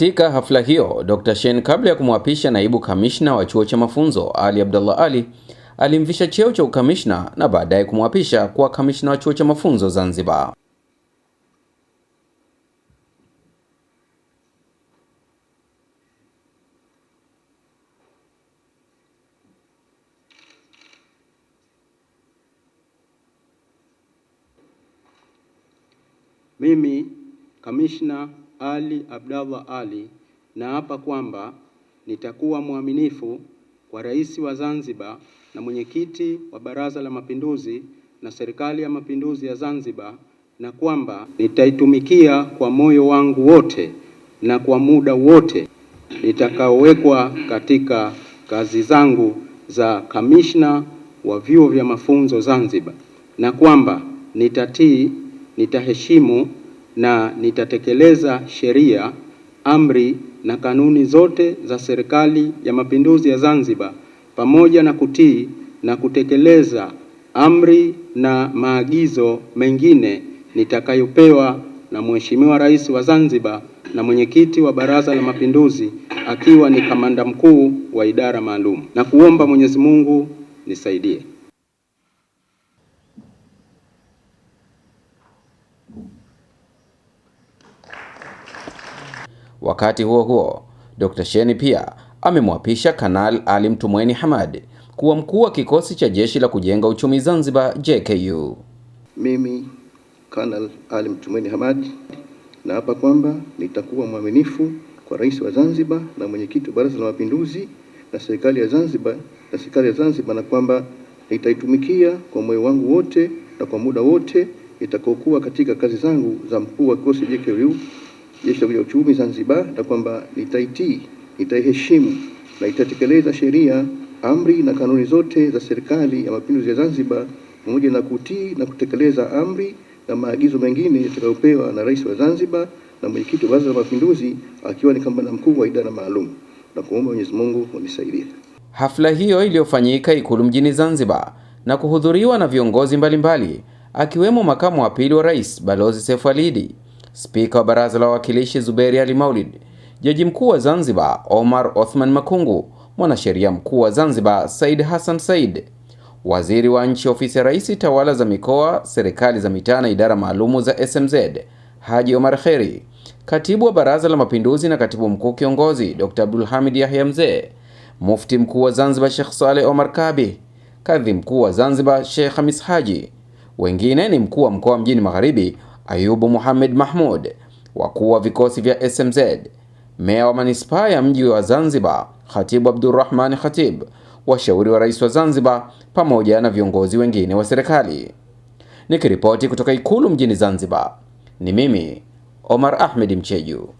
Katika hafla hiyo, Dr. Shein kabla ya kumwapisha naibu kamishna wa chuo cha mafunzo Ali Abdullah Ali alimvisha cheo cha ukamishna na baadaye kumwapisha kuwa kamishna wa chuo cha mafunzo Zanzibar. Mimi kamishna ali Abdallah Ali, naapa kwamba nitakuwa mwaminifu kwa Rais wa Zanzibar na Mwenyekiti wa Baraza la Mapinduzi na Serikali ya Mapinduzi ya Zanzibar na kwamba nitaitumikia kwa moyo wangu wote na kwa muda wote nitakaowekwa katika kazi zangu za kamishna wa vyuo vya mafunzo Zanzibar na kwamba nitatii, nitaheshimu na nitatekeleza sheria, amri na kanuni zote za Serikali ya Mapinduzi ya Zanzibar pamoja na kutii na kutekeleza amri na maagizo mengine nitakayopewa na Mheshimiwa Rais wa Zanzibar na mwenyekiti wa Baraza la Mapinduzi akiwa ni kamanda mkuu wa idara maalum, na kuomba Mwenyezi Mungu nisaidie. Wakati huo huo, Dr. Sheni pia amemwapisha Kanal Ali Mtumweni Hamad kuwa mkuu wa kikosi cha jeshi la kujenga uchumi Zanzibar JKU. Mimi Kanal Ali Mtumweni Hamad hapa kwamba nitakuwa mwaminifu kwa rais wa Zanzibar na mwenyekiti wa Baraza la Mapinduzi na serikali ya Zanzibar na serikali ya Zanzibar na kwamba nitaitumikia kwa moyo wangu wote na kwa muda wote itakaokuwa katika kazi zangu za mkuu wa kikosi JKU jeshi la kuja uchumi Zanzibar, na kwamba nitaitii, nitaiheshimu na itatekeleza sheria, amri na kanuni zote za Serikali ya Mapinduzi ya Zanzibar pamoja na kutii na kutekeleza amri na maagizo mengine yatakayopewa na Rais wa Zanzibar na mwenyekiti wa Baraza la Mapinduzi akiwa ni kamanda mkuu wa idara maalum, na kuomba Mwenyezi Mungu wanisaidie. Hafla hiyo iliyofanyika Ikulu mjini Zanzibar na kuhudhuriwa na viongozi mbalimbali akiwemo makamu wa pili wa rais Balozi Seif Alidi Spika wa Baraza la Wawakilishi Zuberi Ali Maulid, Jaji Mkuu wa Zanzibar Omar Othman Makungu, Mwanasheria Mkuu wa Zanzibar Said Hassan Said, Waziri wa Nchi Ofisi ya Rais Tawala za Mikoa, Serikali za Mitaa na Idara Maalumu za SMZ Haji Omar Kheri, Katibu wa Baraza la Mapinduzi na Katibu Mkuu Kiongozi Dr. Abdul Hamid Yahya Mzee, Mufti Mkuu wa Zanzibar Sheikh Saleh Omar Kabi, Kadhi Mkuu wa Zanzibar Sheikh Hamis Haji. Wengine ni Mkuu wa Mkoa Mjini Magharibi Ayubu Mohamed Mahmud, wakuu wa vikosi vya SMZ, meya wa manispaa ya mji wa Zanzibar Khatibu Abdurrahman Khatib, washauri wa rais wa Zanzibar pamoja na viongozi wengine wa serikali. Nikiripoti kutoka Ikulu mjini Zanzibar, ni mimi Omar Ahmed Mcheju.